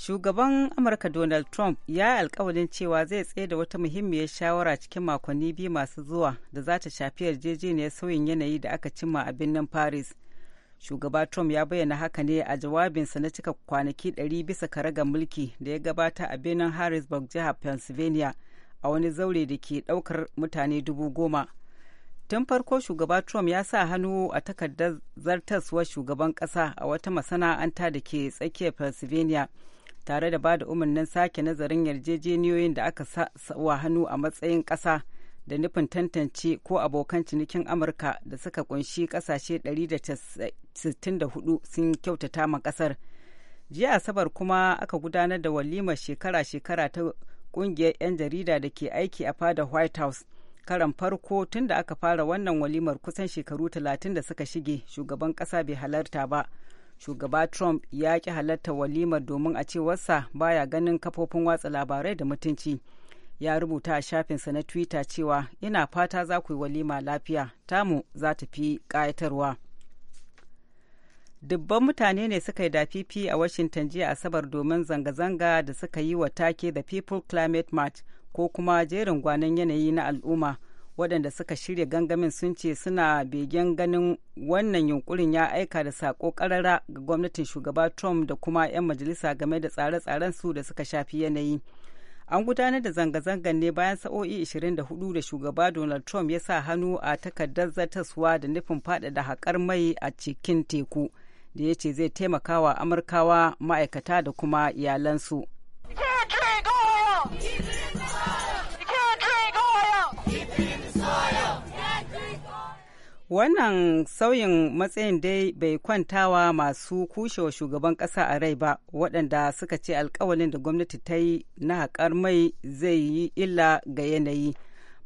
shugaban amurka donald trump ya yi alkawarin cewa zai tsaye da wata muhimmiyar shawara cikin makonni biyu masu zuwa da za ta shafi yarjejeniyar sauyin yanayi da aka cimma a birnin paris shugaba trump ya bayyana haka ne a jawabinsa na cika kwanaki 100 bisa karagar mulki da ya gabata a birnin harrisburg jihar pennsylvania a wani zaure da ke daukar mutane dubu goma tun farko shugaba trump ya sa hannu a takardar zartaswar shugaban kasa a wata masana'anta da ke tsakiyar pennsylvania tare da ba da umarnin sake nazarin yarjejeniyoyin da aka wa hannu a matsayin ƙasa da nufin tantance ko abokan cinikin amurka da suka kunshi ƙasashe 164 sun kyautata ma ƙasar jiya asabar kuma aka gudanar da walimar shekara-shekara ta ƙungiyar 'yan jarida da ke aiki a fada white house karan farko tun da aka fara wannan walimar kusan shekaru 30 da suka shige shugaban ƙasa bai halarta ba. shugaba trump ya ki halatta walimar domin a cewarsa baya ganin kafofin watsa labarai da mutunci ya rubuta a shafinsa na twitter cewa ina fata za ku yi walima lafiya tamu za ta fi ƙayatarwa dubban mutane ne suka yi dafifi a washington jiya asabar domin zanga-zanga da suka yi wa take the people climate march ko kuma jerin gwanon yanayi na al'umma waɗanda suka shirya gangamin sun ce suna begen ganin wannan yunkurin ya aika da sako karara ga gwamnatin shugaba trump da kuma 'yan majalisa game da tsare-tsaren su da suka shafi yanayi an gudanar da zanga zangan ne bayan sa'o'i 24 da shugaba donald trump ya sa hannu a takardar zartaswa da nufin faɗaɗa haƙar mai a cikin teku da ya ce zai taimakawa amurkawa ma'aikata da kuma iyalansu. Wannan sauyin matsayin dai bai kwantawa masu kushewa shugaban ƙasa a rai ba, waɗanda suka ce alkawalin da gwamnati ta yi na haƙar mai zai yi illa ga yanayi.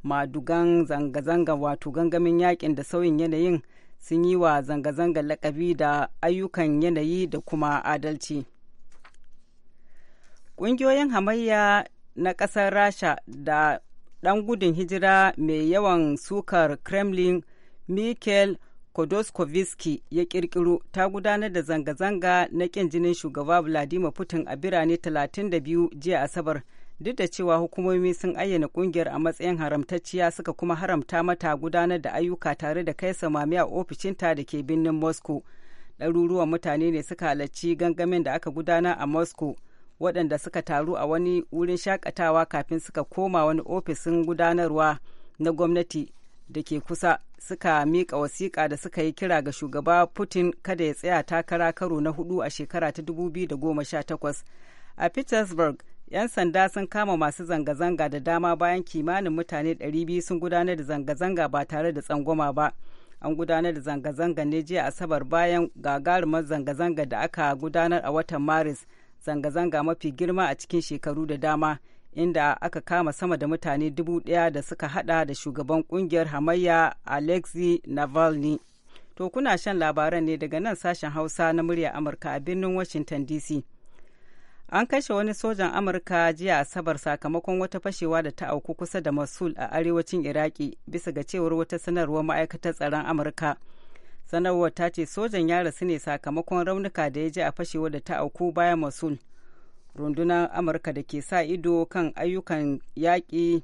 Madugan zanga-zanga wato gangamin yakin da sauyin yanayin sun yi wa zanga-zanga lakabi da ayyukan yanayi da kuma adalci. Ƙungiyoyin hamayya na ƙasar Rasha da ɗan gudun hijira mai yawan sukar Kremlin. Mikhail Kodoskovski ya kirkiro ta gudanar da zanga-zanga na kin jinin shugaba Vladimir Putin a birane 32 jiya Asabar. Duk da cewa hukumomi sun ayyana kungiyar a matsayin haramtacciya suka kuma haramta mata gudanar da ayyuka tare da kai samami a ofishinta da ke birnin Moscow. Ɗaruruwan mutane ne suka halarci gangamin da aka gudana a Moscow waɗanda suka taru a wani wurin shakatawa kafin suka koma wani ofisin gudanarwa na gwamnati da ke kusa suka mika wasiƙa da suka yi kira ga shugaba Putin kada ya tsaya takara karo na hudu a shekara ta 2018. A Petersburg, 'yan sanda sun kama masu zanga-zanga da dama bayan kimanin mutane 200 sun gudanar da zanga-zanga ba tare da tsangwama ba. An gudanar da zanga-zanga ne jiya Asabar bayan gagarumar zanga-zanga da aka gudanar a watan Maris, zanga-zanga mafi girma a cikin shekaru da dama. inda aka kama sama da mutane dubu ɗaya da suka hada da shugaban kungiyar hamayya alexei navalny to kuna shan labaran ne daga nan sashen hausa na murya amurka a birnin washington dc an kashe wani sojan amurka jiya asabar sakamakon wata fashewa da ta auku kusa da masul a arewacin iraki bisa ga cewar wata sanarwar ma'aikatar tsaron amurka sanarwar ta ce sojan ya rasu ne sakamakon raunuka da ya ji a fashewa da ta auku bayan masul rundunar amurka da ke sa ido kan ayyukan yaƙi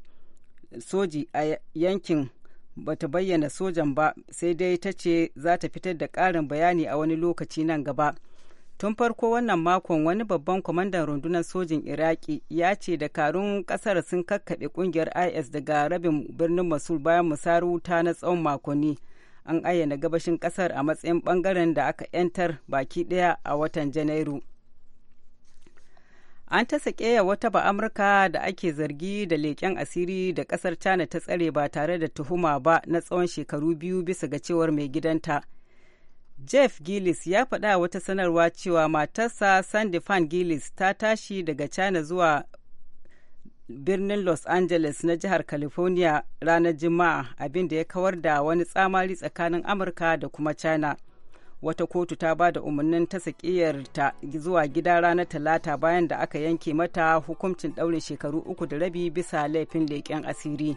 soji a yankin bata bayyana sojan ba sai dai ta ce za ta fitar da ƙarin bayani a wani lokaci nan gaba tun farko wannan makon wani babban kwamandan rundunar sojin iraki ya ce dakarun kasar sun kakkaɓe ƙungiyar is daga rabin birnin masul bayan musayar wuta na tsawon makonni an ayyana gabashin kasar a matsayin ɓangaren da aka 'yantar baki ɗaya a watan janairu an ta sakeya wata ba amurka da ake zargi da leƙen asiri da ƙasar china ta tsare ba tare da tuhuma ba na tsawon shekaru biyu bisa ga cewar mai gidanta jeff gillis ya faɗa wata sanarwa cewa matarsa sandy fan gillis ta tashi daga china zuwa birnin los angeles na jihar california ranar juma'a abinda ya kawar da wani tsamari tsakanin amurka da kuma china wata kotu ta ba da umarnin ta ta zuwa gida ranar talata bayan da aka yanke mata hukuncin ɗaurin shekaru uku da rabi bisa laifin leƙen asiri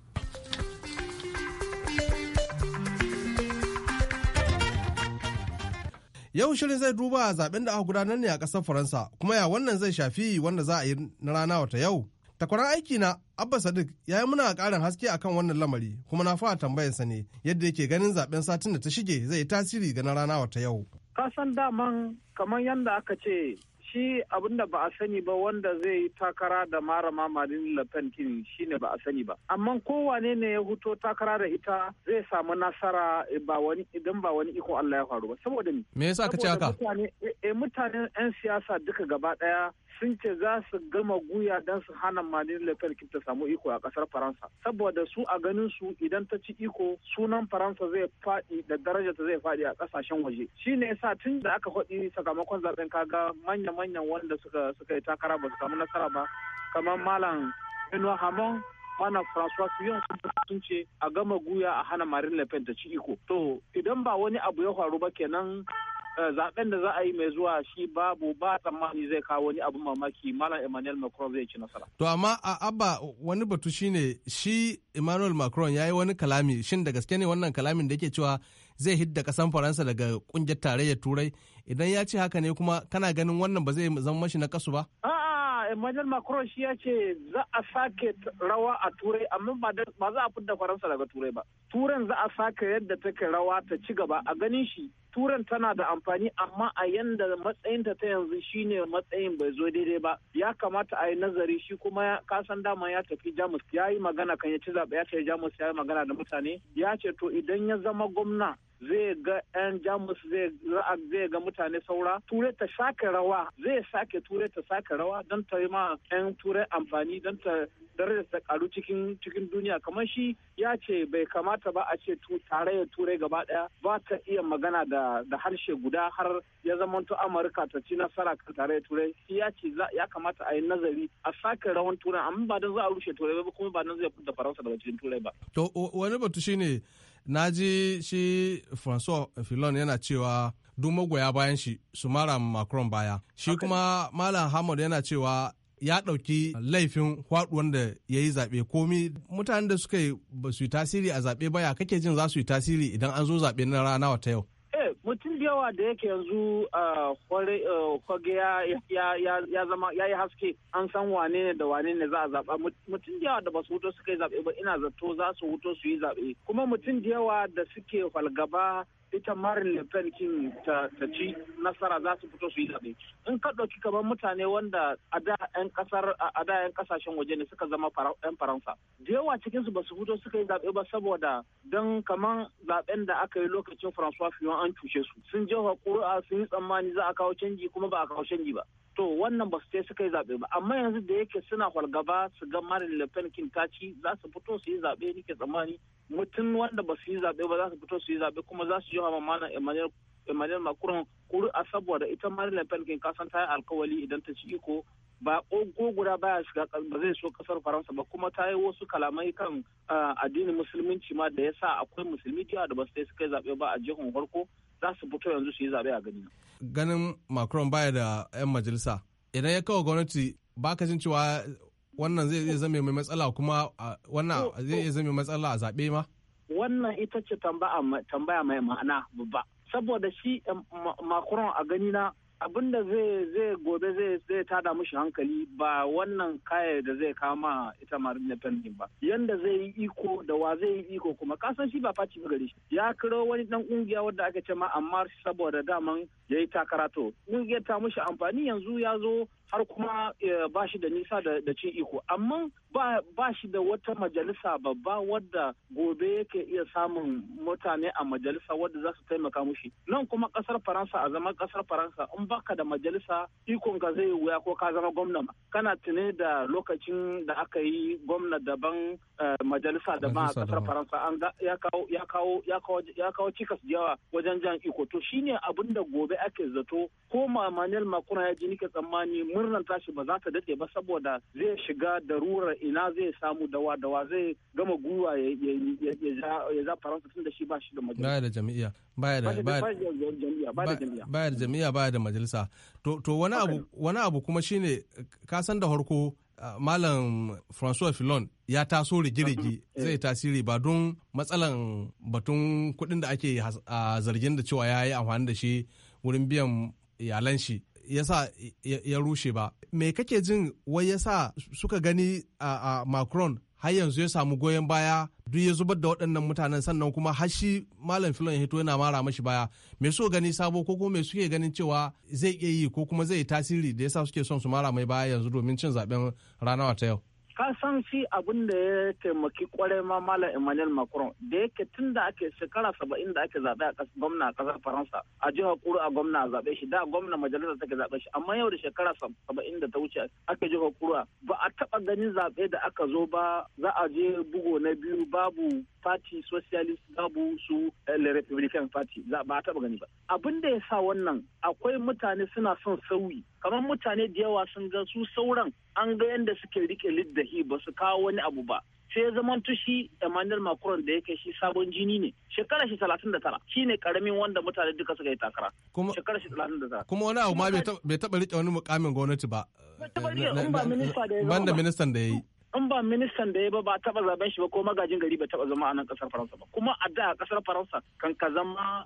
Yau shirin zai duba a zaben da aka gudanar ne a ƙasar Faransa kuma ya wannan zai shafi wanda za a yi na rana wata yau. Takwaran aiki na Abba Sadiq ya yi muna ƙarin haske akan wannan lamari kuma na fara tambayarsa ne yadda yake ganin zaben satin da ta shige zai yi tasiri ga na rana wata yau. Kasan daman kamar yadda aka ce shi da ba a sani ba wanda zai yi takara da mara Marine lafen kini shi shine ba a sani ba amma kowane ne ya huto takara da ita zai samu nasara eh, ba idan ba wani iko Allah ya faru ba saboda me me yasa ka ce haka mutane eh, eh, yan siyasa duka gaba daya sun ce za su gama guya don su hana Marine Le Pen ta samu iko a kasar Faransa. Saboda su a ganin su idan ta ci iko sunan Faransa zai faɗi da daraja ta zai faɗi a kasashen waje. Shi ne yasa tun da aka faɗi sakamakon zaben kaga manya-manyan wanda suka suka yi takara ba su samu nasara ba kamar Malam Benoit Hamon mana François Fillon sun ce a gama guya a hana Marine Le ta ci iko. To idan ba wani abu ya faru ba kenan Eh, zaben da za a yi mai zuwa shi babu ba tsammani zai kawo wani abu mamaki malam emmanuel macron zai ci nasara to amma a abba wani batu shine shi emmanuel macron ya yi wani kalami shin da gaske ne wannan kalamin da yake cewa zai hidda kasan faransa daga kungiyar tarayyar turai idan ya ce haka ne kuma kana ganin wannan ba zai zama mashi na kasu ba a ah, Emmanuel Macron shi ya ce za a sake rawa a turai amma ba za a fidda faransa daga turai ba. Turan za a sake yadda take rawa ta ci gaba a ganin shi turan tana da amfani amma a yanda matsayinta ta yanzu shine matsayin bai zo daidai ba ya kamata a yi nazari shi kuma kasan dama ya tafi jamus ya yi magana kan ya ci zaɓe ya ce jamus ya yi magana da mutane ya ce to idan ya zama gwamna zai ga 'yan jamus zai ga mutane saura turai ta sake rawa zai sake turai ta sake rawa don ta yi ma 'yan turai amfani don ta darajar ta karu cikin cikin duniya kamar shi ya ce bai kamata ba a ce ya turai gaba daya ba ta iya magana da da harshe guda har ya zamanto amurka ta ci nasara kan ya turai shi ya ce ya kamata a yi nazari a sake rawan turai amma ba don za a rushe turai ba kuma ba don zai fita faransa daga cikin turai ba to wani batu shine na ji shi francois filon yana cewa duk magoya bayan shi su mara macron baya shi kuma malam hamad yana cewa ya ɗauki laifin faɗuwan da ya yi zaɓe komi mutanen da suka yi ba su yi tasiri a zaɓe baya kake jin za su yi tasiri idan an zo zaɓe na rana wata yau eh, yawa da yake yanzu kwage ya zama ya yi haske an san wane ne da wane ne za a zaɓa mutum da yawa da ba su huto suka yi zaɓe ba ina zato za su wuto su yi zaɓe kuma mutum da yawa da suke falgaba ita Marin Le Pen kin ta, ci nasara za su fito su yi zaɓe. In ka ɗauki kamar mutane wanda a da 'yan kasashen ƙasashen waje ne suka zama 'yan Faransa. Da yawa cikin su ba su fito suka yi zaɓe ba saboda don kamar zaɓen da aka yi lokacin francois Fillon an cushe su. sun jefa ƙuri'a sun yi tsammani za a kawo canji kuma ba a kawo canji ba to wannan ba su sai suka yi zaɓe ba amma yanzu da yake suna kwalgaba su ga Marine Le Pen kin taci za su fito su yi zaɓe nike tsammani mutum wanda ba su yi zaɓe ba za su fito su yi zaɓe kuma za su jefa mamana Emmanuel Emmanuel Macron ƙuri'a saboda ita Marine Le Pen kin kasan ta yi alkawali idan ta ci iko ba ko guda baya shiga ba zai so kasar faransa ba kuma ta yi wasu kalamai kan ah, addinin musulminci ma da ya sa akwai musulmi jiya da ba su kai zaɓe ba a jihun farko za su fito yanzu su yi zaɓe a gani. Ganin Macron baya da 'yan majalisa. Idan ya kawo gwamnati ba ka jin cewa wannan zai iya zame mai matsala kuma wannan zai iya zame matsala a zaɓe ma? Wannan ita ce tambaya mai ma'ana babba. Saboda shi eh, Macron a gani na abin da zai gobe zai tada mushi hankali ba wannan kaya da zai kama ita Marine Le Pen ba yanda zai yi iko da wa zai yi iko kuma kasan shi ba faci gare shi ya kiro wani dan kungiya wanda ake ce ma amma saboda daman yayi takara to kungiyar ta mushi amfani yanzu ya zo har kuma eh, ba shi da nisa da cin iko amma ba shi da wata majalisa babba wadda gobe yake iya samun mutane a majalisa wadda za su taimaka mushi nan kuma kasar faransa a zama kasar faransa in baka da majalisa ikon ka zai wuya ko ka zama gwamna ma kana tune da lokacin da aka yi gwamna daban eh, majalisa daban a kasar faransa an ya kawo cikas jawa wajen jan iko to shine abin da gobe ake zato ko ma manuel macron ya ji nike tsammani murnan tashi ba za ta daɗe ba saboda zai shiga da rura ina zai samu dawa dawa zai gama gwiwa ya za faransa tun da shi ba shi da majalisa. Baya da jami'a. Baya da jami'a. Baya da jami'a baya da majalisa. To wani abu kuma shine ka san da harko Malam François filon ya taso rigirigi eh. zai tasiri ba don matsalan batun kudin da ake zargin da cewa ya yi amfani da shi wurin biyan iyalan shi yasa ya rushe ba me kake jin wai ya sa suka gani a macron har yanzu ya samu goyon baya duk ya zubar da waɗannan mutanen sannan kuma har shi malam filon hito yana mara mashi baya me so gani sabo ko kuma me suke ganin cewa zai iya yi ko kuma zai yi tasiri da ya sa suke son su mara mai baya yanzu domin cin zaɓen ranar ta yau ka san shi abin da ya taimaki kwarai ma mala emmanuel macron da yake tun da ake shekara saba'in da ake zaɓe a gwamna a ƙasar faransa a jihar kuru a gwamna a zaɓe shi da gwamna majalisar take zaɓe shi amma yau da shekara saba'in da ta wuce ake jihar kuru ba a taɓa ganin zaɓe da aka zo ba za a je bugo na biyu babu party socialist babu su eh, le republican party ba a taɓa gani ba abin da ya sa wannan akwai mutane suna son sauyi kamar mutane da yawa sun ga su sauran an ga yadda suke rike lidda zahi ba su kawo wani abu ba sai zaman tushi Emmanuel Macron da yake shi sabon jini ne shekara shi 39 ne karamin wanda mutane duka suka yi takara shekara shi 39 kuma wani abu ma bai taba rike wani mukamin gwamnati ba eh, ban da ministan da yayi in ba ministan da ya ba ba taba zaben shi ba ko magajin gari ba taba zama a nan kasar faransa ba kuma a da kasar faransa kan ka zama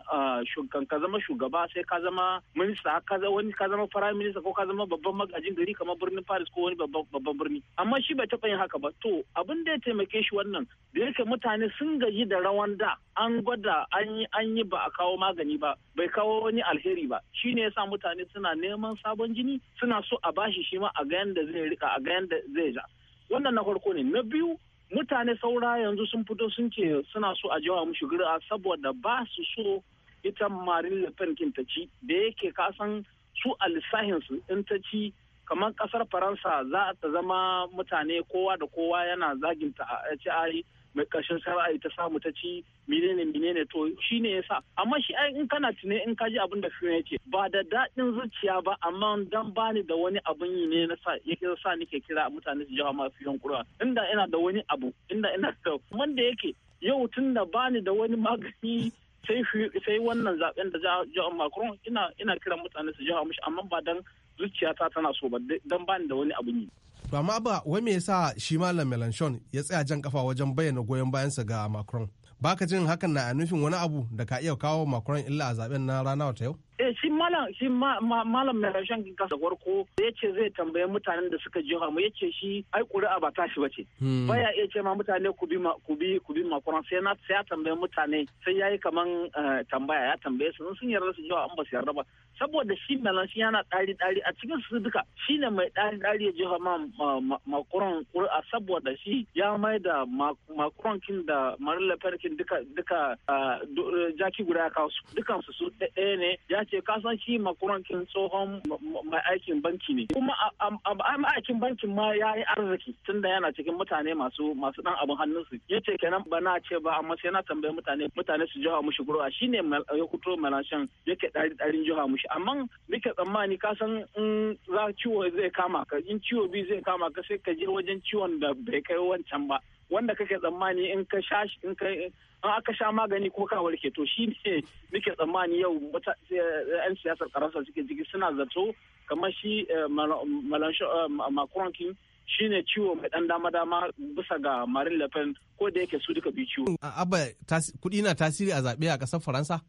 kan ka zama shugaba sai ka zama minista ka zama wani ka zama prime minister ko ka zama babban magajin gari kamar birnin paris ko wani babban birni amma shi bai taba yin haka ba to abin da ya taimake shi wannan da yake mutane sun gaji da rawan da an gwada an yi an yi ba a kawo magani ba bai kawo wani alheri ba shine yasa mutane suna neman sabon jini suna so a bashi shi ma a ga yanda zai rika a ga yanda zai ja wannan na farko ne na biyu mutane saura yanzu sun fito sun ce suna so a jawa mushi gura saboda ba su so ita marin Le Pen kin ta ci da yake ka san su a lissahinsu in ta kamar kasar faransa za ta zama mutane kowa da kowa yana zaginta a ce Mai ƙarshen sara'ayi ta samu ta ci menene menene to shi ne yasa amma shi ai in kana tune in ka ji abin da fiye yake ba da daɗin zuciya ba amma dan bani da wani abin yi ne na sa yake sa nake kira mutane su jawo ma fiyon kura inda ina da wani abu inda ina da da yake yau tun da bani da wani magani sai sai wannan zaben da John Macron ina ina kiran mutane su jawo mishi amma ba dan zuciyata tana so ba dan bani da wani abu ne To amma ba wai me yasa shi Malam Melanchon ya tsaya jan kafa wajen bayyana goyon bayansa ga Macron? Baka jin hakan na nufin wani abu da ka iya kawo Macron illa a zaben na rana ta yau? Eh shi malam shi malam mai rashin kasa warko ya ce zai tambaye mutanen da suka jiha mu ya ce shi ai ƙuri'a ba tashi ba ce. Hmm. Baya iya ce ma mutane ku bi ku bi ku bi makuran sai na sai ya tambaye mutane sai yayi kaman eh, tambaya ya tambaye su sun yarda su jiha an ba su yarda ba. Saboda shi malam shi yana ɗari ɗari a cikin su duka shi ne mai ɗari ɗari ya jiha ma makuran ƙuri'a saboda shi ya mai da makuran kin da marilla kin duka duka eh, eh, jaki guda ya kawo su dukansu su ɗaya ne ya ce kasan shi makurankin tsohon mai aikin banki ne kuma ma'aikin bankin ma ya yi arziki tunda yana cikin mutane masu masu dan abin hannunsu ya ce kenan ba na ce ba amma sai na tambayi mutane mutane su jawa mushi gurwa shine ya malashin ya yake dari darin jawa mushi amma nika tsammani kasan in za ciwo zai kama ka in ciwo bi zai kama ka sai ka je wajen ciwon da bai kai wancan ba wanda kake tsammani in ka sha in ka in aka sha magani ko ka warke to shi ne muke tsammani yau eh, eh, yan siyasar karasa suke jiki suna zato kamar shi eh, Macron shi ne ciwo mai dan dama dama bisa ga Marine Le Pen ko da yake su duka biyu ciwo. Abba kudi na tasiri a zaɓe a ƙasar Faransa?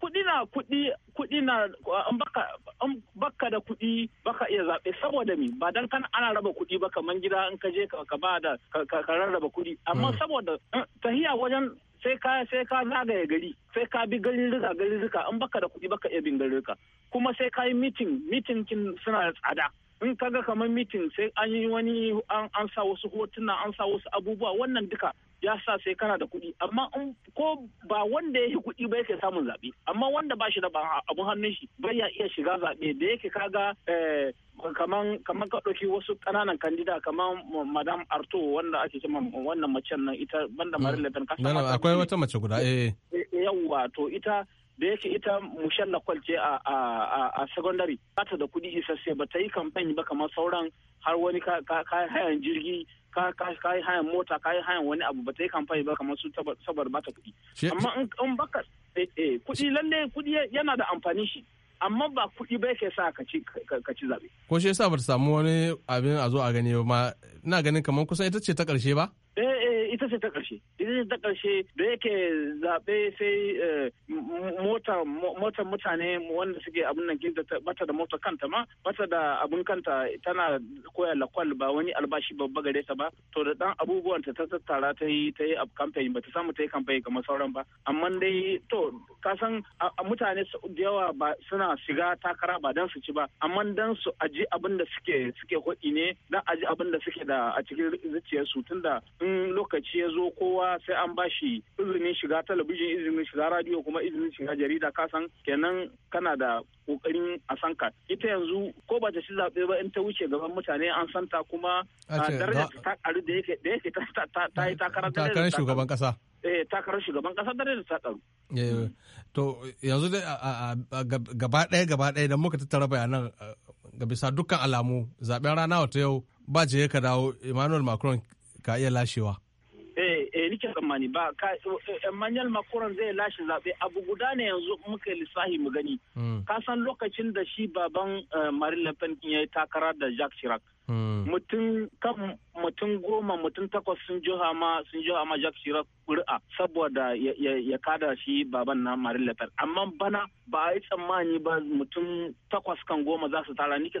kuɗi na kuɗi kuɗi na uh, baka da kuɗi baka iya zaɓe saboda mi ba dan kana ana raba kuɗi ba kaman gida in ka je ka ba da ka rarraba kuɗi amma mm. saboda uh, tahiya wajen sai ka sai ka zagaye gari sai ka bi garin rika garin rika an baka da kuɗi baka iya bin garin rika kuma sai ka yi mitin mitin kin suna da tsada in kaga kamar mitin sai an yi wani an sa wasu hotuna an sa wasu abubuwa wannan duka ya sa sai kana da kuɗi amma ko ba wanda ya yi kuɗi ba yake samun zaɓe amma wanda ba shi da abun hannun shi ba ya iya shiga zaɓe da yake kaga eh, kaman kaman ka ɗauki wasu ƙananan kandida kaman madam arto wanda ake cewa wannan macen nan ita banda marin lepen kasa akwai wata mace guda eh, eh. eh yawwa to ita da yake ita mushalla kwalce a a secondary ba ta da kuɗi isasshe ba ta yi kamfani ba kamar sauran har wani kayan hayan jirgi ka hayan mota ka yi hayan wani abu ba ta yi kamfani ba kamar su saboda bata kuɗi amma in baka eh, eh, kuɗi lalle kuɗi yana da amfani shi amma ba kuɗi ba yake sa ka ci zaɓe. ko shi yasa ba ta samu wani abin a zo a gani ba ma ina ganin kamar kusan ita ce ta ƙarshe ba. Eh, eh ita ce ta ƙarshe ita ce ta ƙarshe da yake zaɓe sai eh, mota mutane wanda suke abin nan ginta bata da mota kanta ma bata da abun kanta tana koya lakwal ba wani albashi babba gare ta ba to da dan abubuwan ta tattara ta yi ta yi campaign ba ta samu ta yi campaign kamar sauran ba amma dai to ka san mutane da yawa ba suna shiga takara ba dan su ci ba amma dan su aji abin da suke suke hodi ne dan aji abin da suke da a cikin zuciyarsu tunda in in lokaci ya zo kowa sai an bashi izinin shiga talabijin izinin shiga radio kuma izinin shiga jarida kasan kenan kana da kokarin a san ka ita yanzu ko ba ta ci zaɓe ba in ta wuce gaban mutane an san ta kuma darajar ta karu da yake da yake ta yi takarar takarar shugaban kasa eh takarar shugaban kasa da ta karu eh, to yanzu dai gaba ɗaya gaba ɗaya da muka tattara bayanan eh, ga bisa dukkan alamu zaɓen rana wata yau ba je ka dawo emmanuel macron ka iya lashewa eh eh nike tsammani ba ka eh, Emmanuel Macron zai lashe zaɓe abu guda ne yanzu muka lissahi mu gani hmm. ka san lokacin da shi baban eh, Marine Le Pen ya yi takara da Jacques Chirac Hmm. mutum kan mutum goma mutum takwas sun ji hama sun ji hama Jacques shira ƙuri'a saboda ya kada shi baban na Marin Le Pen amma bana ba a yi tsammani ba mutum takwas kan goma za su tara nike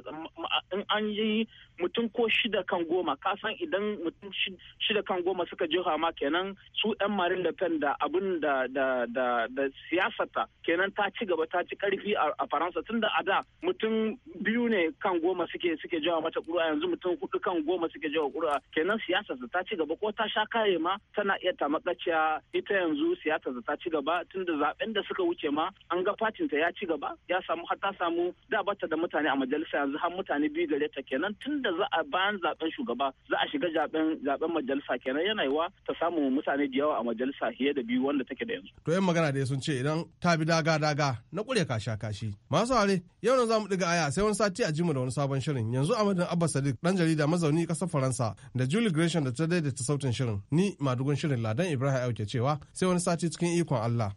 in an yi mutum ko shida kan goma kasan idan mutum shida kan goma suka ji hama kenan su yan Marin Le Pen da abin da da da da siyasata kenan ta ci gaba ta ci karfi a Faransa tunda a da mutum biyu ne kan goma suke suke hama ta ƙuri'a yanzu mutum hudu kan goma suke jawa kura kenan siyasar ta ci gaba ko ta sha kaye ma tana iya tamakaciya ita yanzu siyasar ta ci gaba tunda zaben da suka wuce ma an ga fatin ta ya ci gaba ya samu har ta samu da bata da mutane a majalisa yanzu har mutane biyu gare ta kenan tunda za a bayan zaben shugaba za a shiga zaben zaben majalisa kenan yana yiwa ta samu mutane da yawa a majalisa fiye da biyu wanda take da yanzu. To yan magana da sun ce idan ta bi daga daga na kure sha kashi. Masu hare yau na za mu ɗiga aya sai wani sati a jimu da wani sabon shirin yanzu a madadin Abbas Sadik dan jarida mazauni kasar Faransa da Julie Gresham da ta daidaita sautin shirin. Ni madugun shirin Ladan Ibrahim Auke cewa sai wani sati cikin ikon Allah.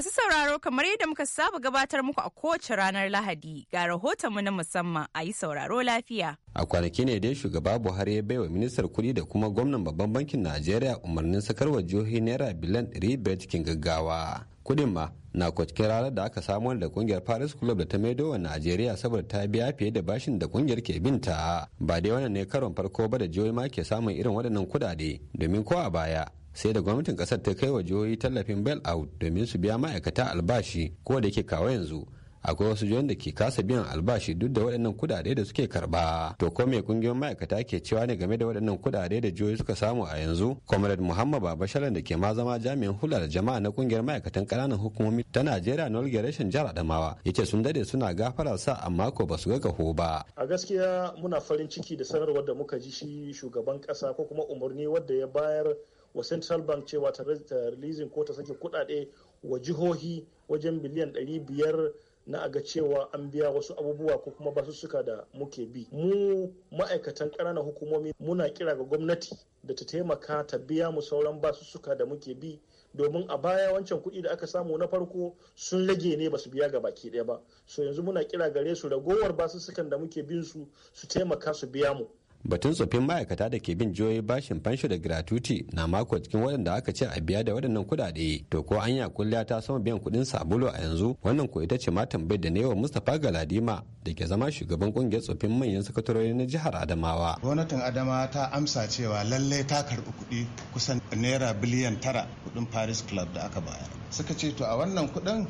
Masu sauraro kamar yadda muka saba gabatar muku a kowace ranar Lahadi ga rahotonmu na musamman a yi sauraro lafiya. A kwanaki ne dai shugaba Buhari ya baiwa ministar kuɗi da kuma gwamnan babban bankin Najeriya umarnin sakarwa jihohi naira biliyan biyar cikin gaggawa. kudin ma na kwacikin ranar da aka samu da kungiyar Paris Club da ta maido wa Najeriya saboda ta biya fiye da bashin da kungiyar ke binta. Ba dai wannan ne karon farko ba da jihohi ma ke samun irin waɗannan kudade domin ko a baya sai da gwamnatin kasar ta kai wa jihohi tallafin bail out domin su biya ma'aikata albashi ko da yake kawo yanzu akwai wasu jihohin da ke kasa biyan albashi duk da waɗannan kudade da suke karba to ko me kungiyoyin ma'aikata ke cewa ne game da waɗannan kudade da jihohi suka samu a yanzu comrade muhammad babashalan da ke ma zama jami'in hular jama'a na kungiyar ma'aikatan ƙananan hukumomi ta najeriya na rashin jihar adamawa ya ce sun dade suna gafara sa amma ko ba su ga kaho ba a gaskiya muna farin ciki da sanarwar da muka ji shi shugaban ƙasa ko kuma umarni wadda ya bayar wa central bank cewa ta releasing ko ta sake kudade wa jihohi wajen biliyan 500 na aga cewa an biya wasu abubuwa ko kuma basussuka da muke bi mu ma'aikatan ƙananan hukumomi muna kira ga gwamnati da ta taimaka ta biya mu sauran basussuka da muke bi domin a baya wancan kuɗi da aka samu na farko sun rage ne ba su biya ga baki ɗaya ba so yanzu muna kira gare su ragowar basussukan da muke bin su su taimaka su biya mu batun tsofin ma'aikata da ke bin jihohi bashin fansho da gratuity na mako cikin waɗanda aka ce a biya da waɗannan kuɗaɗe to ko anya kulliya ta sama biyan kuɗin sabulu a yanzu wannan ko ita ce ma tambayar da ne wa mustapha galadima da ke zama shugaban ƙungiyar tsofin manyan sakatarori na jihar adamawa gwamnatin adamawa ta amsa cewa lallai ta karɓi kuɗi kusan naira biliyan tara kuɗin paris club da aka bayar suka ce to a wannan kuɗin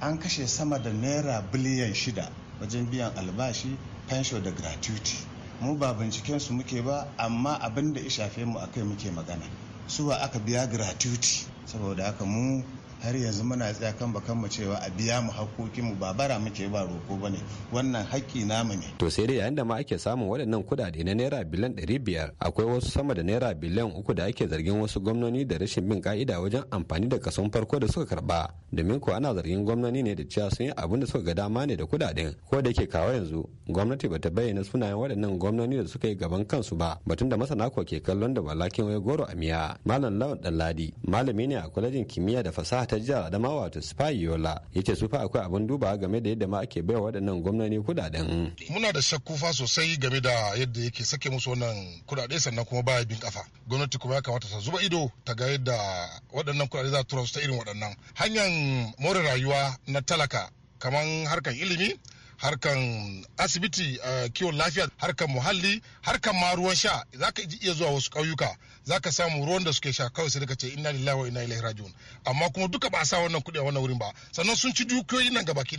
an kashe sama da naira biliyan shida wajen biyan albashi fansho da gratuity mu ba binciken su muke ba amma abin da ya shafe mu akai muke magana su ba aka biya gratuity saboda haka mu har yanzu muna tsaya kan bakan mu cewa a biya mu hakokin mu ba bara muke ba roko bane wannan haƙƙi namu ne to sai dai yayin da ma ake samun waɗannan kuɗaɗe na naira biliyan 500 akwai wasu sama da naira biliyan uku da ake zargin wasu gwamnoni da rashin bin ka'ida wajen amfani da kason farko da suka karɓa domin ko ana zargin gwamnoni ne da cewa sun yi abin da suka ga dama ne da kudaden ko da yake kawo yanzu gwamnati bata bayyana sunayen waɗannan gwamnoni da suka yi gaban kansu ba batun da masana ko ke kallon da walakin wai goro a miya malam lawan dalladi malami ne a kwalejin kimiyya da fasaha ta jihar adamawa ta sifa yola ya ce sufa akwai abin duba game da yadda ma ake baiwa waɗannan gwamnoni kudaden. muna da shakku fa sosai game da yadda yake sake musu wannan kudade sannan kuma baya bin kafa gwamnati kuma ya kamata ta zuba ido ta ga yadda waɗannan kudade za ta tura su ta irin waɗannan hanyar more rayuwa na talaka kamar harkar ilimi harkan asibiti kiwon lafiya harkan muhalli harkan ma ruwan sha za ka iya zuwa wasu ƙauyuka za ka samu ruwan da suke sha kawai sai ka ce ina lillahi wa ina ilaihi raji'un amma kuma duka ba a sa wannan kuɗi a wannan wurin ba sannan sun ci dukiyoyi nan gaba ki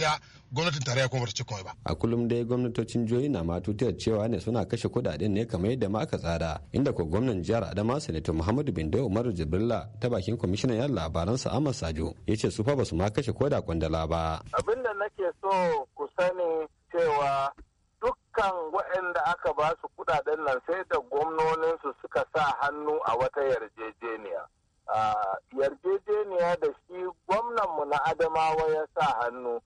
gwamnatin tarayya kuma ci komai ba a kullum dai gwamnatocin jihohi na matutiyar cewa ne suna kashe kudaden ne kamar yadda ma aka tsara inda ko gwamnan jihar adama sanato muhammadu bindo umaru jibrila ta bakin kwamishinan yan labaran sa ahmad sajo ya ce su fa ba su ma kashe koda kwandala ba abinda nake so ku sani cewa dukkan waɗanda aka ba su kudaden nan sai da gwamnoninsu suka sa hannu a wata yarjejeniya ah, yarjejeniya da shi gwamnanmu na adamawa ya sa hannu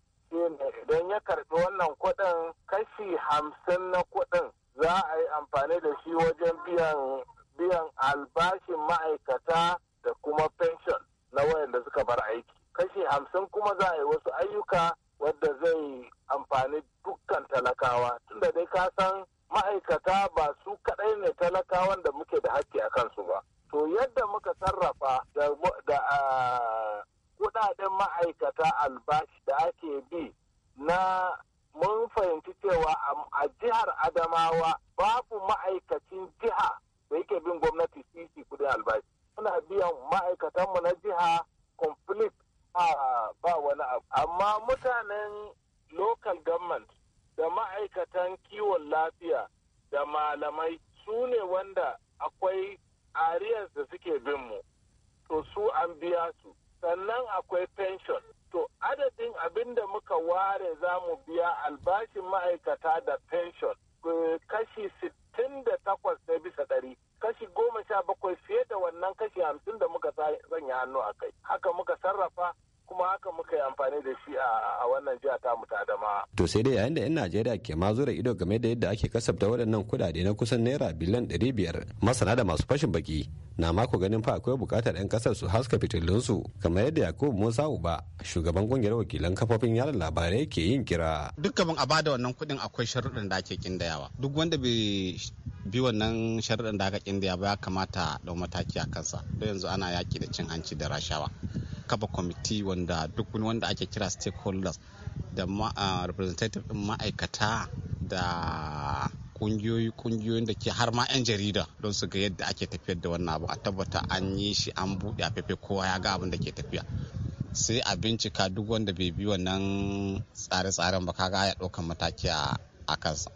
idan ya karbi wannan kuɗin kashi hamsin na kuɗin za a yi amfani da shi wajen biyan biyan albashin ma'aikata da kuma pension na wayanda suka bar aiki kashi hamsin kuma za a yi wasu ayyuka wadda zai amfani dukkan talakawa tunda dai ka san ma'aikata ba su kaɗai ne talakawan da muke da haƙƙi a kansu ba to yadda muka sarrafa da ah, kudaden ma'aikata albashi da ake bi na mun fahimci cewa a jihar adamawa babu ma'aikacin jiha da yake bin gwamnati sisi kudin albashi muna biyan ma'aikatanmu na jiha complete a ba wani abu amma mutanen local government da ma'aikatan kiwon lafiya da malamai su ne wanda akwai arias da suke binmu, to su an biya su sannan akwai pension to adadin abin da muka ware za mu biya albashin ma'aikata da pension eh, kashi sittin da 68 ne bisa ɗari kashi goma sha bakwai fiye da wannan kashi hamsin da muka sanya hannu a kai haka muka sarrafa kuma haka muka yi amfani da shi a wannan jiya ta mu ta adama. To sai dai yayin da 'yan Najeriya ke ma zura ido game da yadda ake kasafta waɗannan kuɗaɗe na kusan naira biliyan ɗari biyar masana da masu fashin baki na mako ganin fa akwai bukatar 'yan kasar su haska fitilunsu kamar yadda yakubu musa uba shugaban kungiyar wakilan kafofin yaran labarai ke yin kira Duk kamar a bada wannan kuɗin akwai sharuɗin da ake kindayawa duk wanda bai bi wannan sharuɗin da aka kindaya ba ya kamata da mataki a kansa don yanzu ana yaki da cin hanci da rashawa kafa kwamiti wanda duk wanda ake kira stakeholders da representative ma'aikata da kungiyoyi kungiyoyin da ke har ma 'yan jarida don su ga yadda ake tafiyar da wannan abu a tabbata an yi shi an buɗe a fefe kowa ya ga abin da ke tafiya sai a bincika duk wanda bai bi wannan tsare-tsaren ba kaga ya ɗaukan mataki a kansa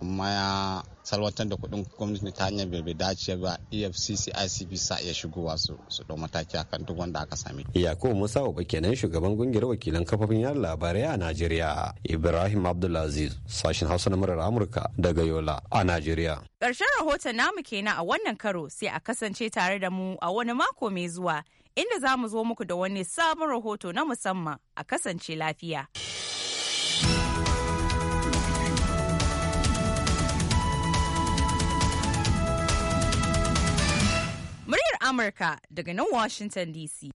amma ya salwantar da kuɗin gwamnati ta hanyar bai dace ba efcc icp sa iya shigowa su su ɗau mataki akan duk wanda aka sami. yakubu musa wa kenan shugaban kungiyar wakilan kafofin yarin labarai a najeriya ibrahim abdulaziz sashen hausa na murar amurka daga yola a najeriya. ƙarshen rahoton namu kenan a wannan karo sai a kasance tare da mu a wani mako mai zuwa inda za mu zo muku da wani sabon rahoto na musamman a kasance lafiya. Amurka daga nan Washington DC.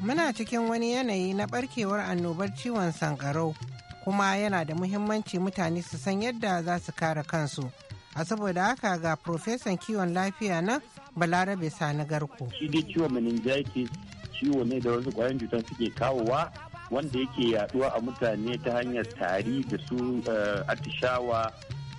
Muna cikin wani yanayi na barkewar annobar ciwon sankarau kuma yana da muhimmanci mutane su san yadda za su kare kansu. A saboda haka ga Profesan kiwon lafiya na Balarabe Sani Garko. Shi dai ciwon meningitis ciwo ne da wasu kwayan cuta suke kawowa wanda yake yaduwa a mutane ta hanyar tari da su eh, atishawa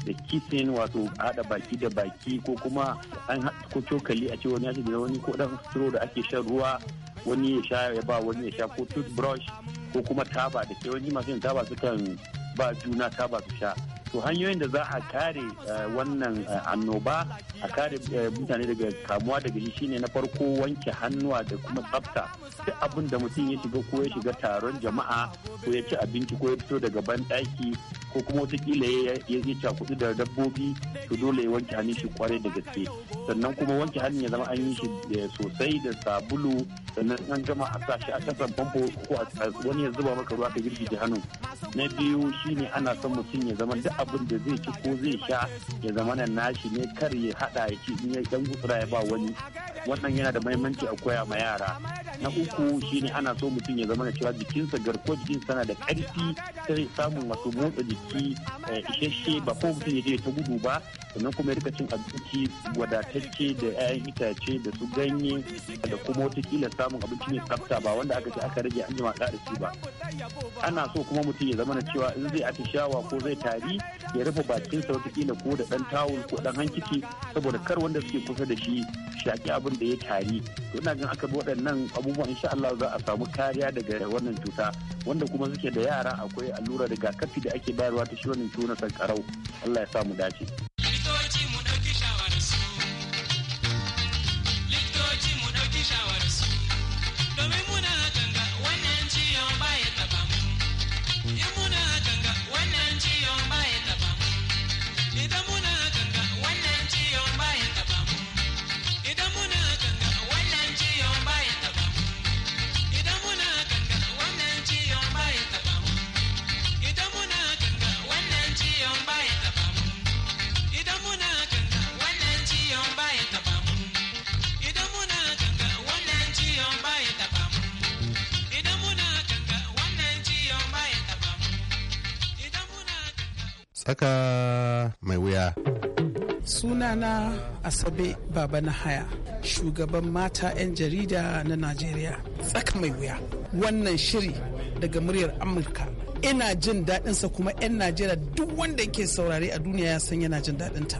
da kissing wato hada baki da baki ko kuma an ko cokali a ce wani ake da wani ko dan stro da ake shan ruwa wani ya sha ya ba wani ya sha ko toothbrush ko kuma taba da ke wani masu yin taba sukan ba juna taba su sha to hanyoyin da za a kare eh, wannan eh, annoba a kare eh, mutane daga kamuwa daga shi shine na farko wanke hannuwa da kuma tsafta duk abin da mutum ya shiga ko ya shiga taron jama'a ko ya ci abinci ko ya fito daga banɗaki ko kuma wataƙila ya je cakudu da dabbobi to dole ya wanke hannun shi kwarai da gaske sannan kuma wanke hannun ya zama an yi shi sosai da sabulu sannan an gama a sa shi a kasan famfo ko wani ya zuba maka ruwa ka girgije hannu na biyu shine ana son mutum ya zama duk abin da zai ci ko zai sha ya zama nan nashi ne kar ya hada ya ci in ya dan gutsura ya ba wani wannan yana da mahimmanci a koya ma yara na uku shine ana so mutum ya zama da cewa jikinsa garkuwar jikin sana da karfi sai samun wasu motsa jiki eh, isasshe ba ko mutum ya je ta gudu ba sannan kuma ya rika cin abinci wadatacce da 'ya'yan itace da su ganye da kuma wataƙila samun abinci mai tsafta ba wanda aka ce aka rage an jima da shi ba ana so kuma mutum ya zama na cewa in zai atishawa ko zai tari ya rufe bakinsa wataƙila ko da ɗan tawul ko dan hankici saboda kar wanda suke kusa da shi shaƙi abin wanda ya tari to ina gan aka bi waɗannan abubuwan insha Allah za a samu kariya daga wannan cuta wanda kuma suke da yara akwai allura rigakafi da ake bayarwa ta shi wannan ciwo na sankarau Allah ya mu dace Rabe Baba na haya shugaban mata 'yan jarida na Najeriya. Tsaka mai wuya wannan shiri daga muryar Amurka. Ina jin daɗinsa kuma 'yan Najeriya duk wanda yake saurare a duniya ya san yana jin daɗinta.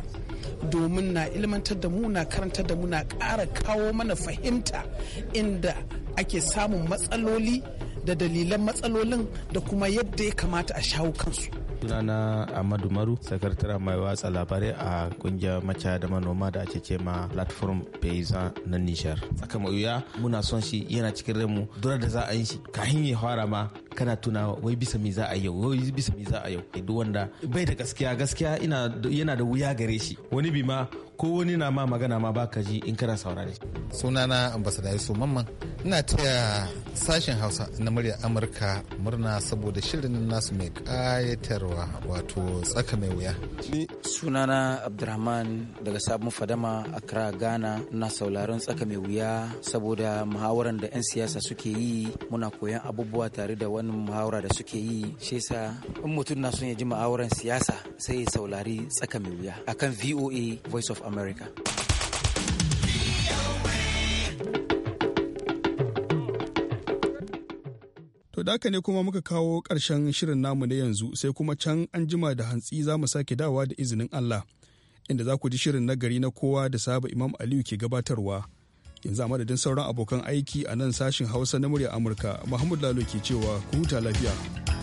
Domin na ilmantar da mu na karantar da mu na ƙara kawo mana fahimta inda ake samun matsaloli da dalilan matsalolin da kuma yadda ya kamata a shawo kansu. sunana Ahmadu Maru, sakataren mai watsa labarai a kungiyar maca da manoma da ake ce ma platform paysan na Nijar. Tsaka mai muna son shi yana cikin ranmu Dura da za a yi shi kahin ya fara ma kana tuna wai bisa me za a yau wai bisa me za a yau eh, duk wanda bai da gaskiya gaskiya ina yana da wuya gare shi wani bi ma ko wani na ma magana ma baka ji in kana saurare sunana ambassador Yusuf Mamman ina taya sashen Hausa na murya Amurka murna saboda shirin nasu mai kayatarwa wato tsaka mai wuya sunana Abdurrahman daga Sabon Fadama Accra Ghana na sauraron tsaka mai wuya saboda muhawaran da 'yan siyasa suke yi muna koyan abubuwa tare da wani wannan muhawara da suke yi shi yasa in mutum na son ya ji muhawaran siyasa sai ya saurari tsaka mai wuya akan VOA Voice of America. To da ne kuma muka kawo ƙarshen shirin namu na yanzu sai kuma can an jima da hantsi za mu sake dawa da izinin Allah inda za ku ji shirin nagari na kowa da saba Imam Aliyu ke gabatarwa. yanzu a madadin sauran abokan aiki a nan sashin hausa na murya amurka mahmud lalo ke cewa ku huta lafiya